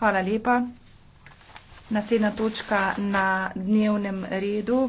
Hvala lepa. Naslednja točka na dnevnem redu